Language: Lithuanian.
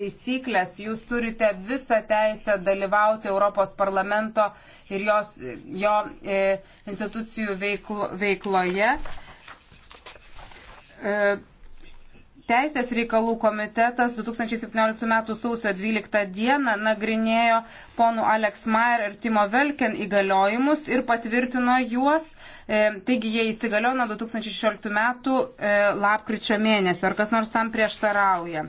taisyklės, jūs turite visą teisę dalyvauti Europos parlamento ir jos, jo e, institucijų veiklo, veikloje. E, Teisės reikalų komitetas 2017 m. sausio 12 d. nagrinėjo ponų Alex Mayer ir Timo Velken įgaliojimus ir patvirtino juos. E, taigi jie įsigaliojo nuo 2016 m. E, lapkričio mėnesio. Ar kas nors tam prieštarauja?